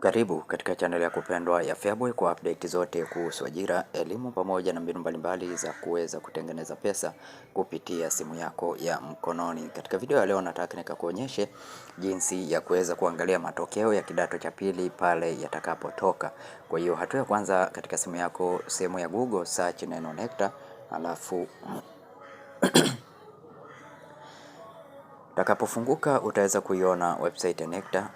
Karibu katika chaneli ya kupendwa ya Feaboy kwa update zote kuhusu ajira, elimu pamoja na mbinu mbalimbali za kuweza kutengeneza pesa kupitia simu yako ya mkononi. Katika video ya leo nataka nikakuonyeshe jinsi ya kuweza kuangalia matokeo ya kidato cha pili pale yatakapotoka. Kwa hiyo hatua ya kwanza, katika simu yako, sehemu ya Google search neno NECTA, alafu utakapofunguka utaweza kuiona website ya NECTA.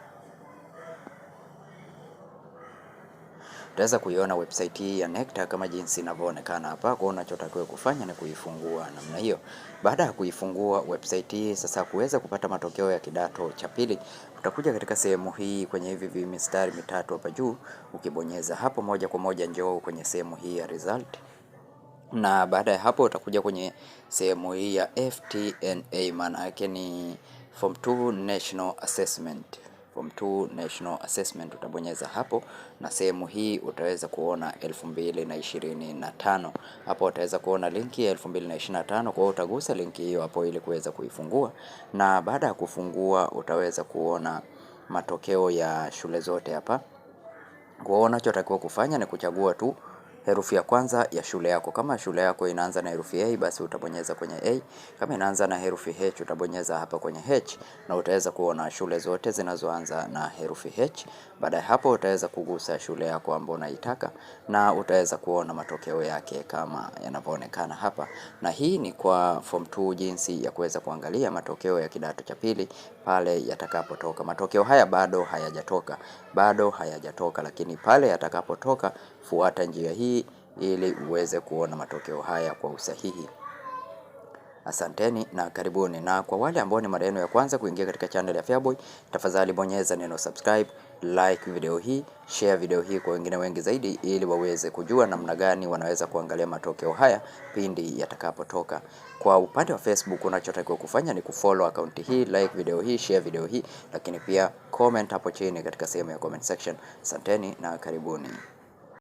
Utaweza kuiona website hii ya NECTA kama jinsi inavyoonekana hapa. Kwa unachotakiwa kufanya ni kuifungua namna hiyo. Baada ya kuifungua website hii, sasa kuweza kupata matokeo ya kidato cha pili, utakuja katika sehemu hii kwenye hivi vimistari mitatu hapa juu, ukibonyeza hapo moja kwa moja njoo kwenye sehemu hii ya result na baada ya hapo utakuja kwenye sehemu hii ya FTNA, maana yake ni Form 2 National Assessment. Form 2 National Assessment utabonyeza hapo, na sehemu hii utaweza kuona 2025. Hapo utaweza kuona linki ya 2025, kwa hiyo utagusa linki hiyo hapo ili kuweza kuifungua, na baada ya kufungua utaweza kuona matokeo ya shule zote hapa. Kwa hiyo unachotakiwa kufanya ni kuchagua tu herufi ya kwanza ya shule yako. Kama shule yako inaanza na herufi A, basi utabonyeza kwenye A. Kama inaanza na herufi H, utabonyeza hapa kwenye H na utaweza kuona shule zote zinazoanza na herufi H. Baada ya hapo, utaweza kugusa shule yako ambayo unaitaka na utaweza kuona matokeo yake kama yanavyoonekana hapa, na hii ni kwa form 2 jinsi ya kuweza kuangalia matokeo ya kidato cha pili pale yatakapotoka. Matokeo haya bado hayajatoka, bado hayajatoka, lakini pale yatakapotoka, fuata njia hii hii ili uweze kuona matokeo haya kwa usahihi. Asanteni na karibuni. Na kwa wale ambao ni mara yenu ya kwanza kuingia katika channel ya Feaboy, tafadhali bonyeza neno subscribe, like video hii, share video hii kwa wengine wengi zaidi, ili waweze kujua namna gani wanaweza kuangalia matokeo haya pindi yatakapotoka. Kwa upande wa Facebook, unachotakiwa kufanya ni kufollow account hii, like video hii, share video hii, lakini pia comment hapo chini katika sehemu ya comment section. Asanteni na karibuni.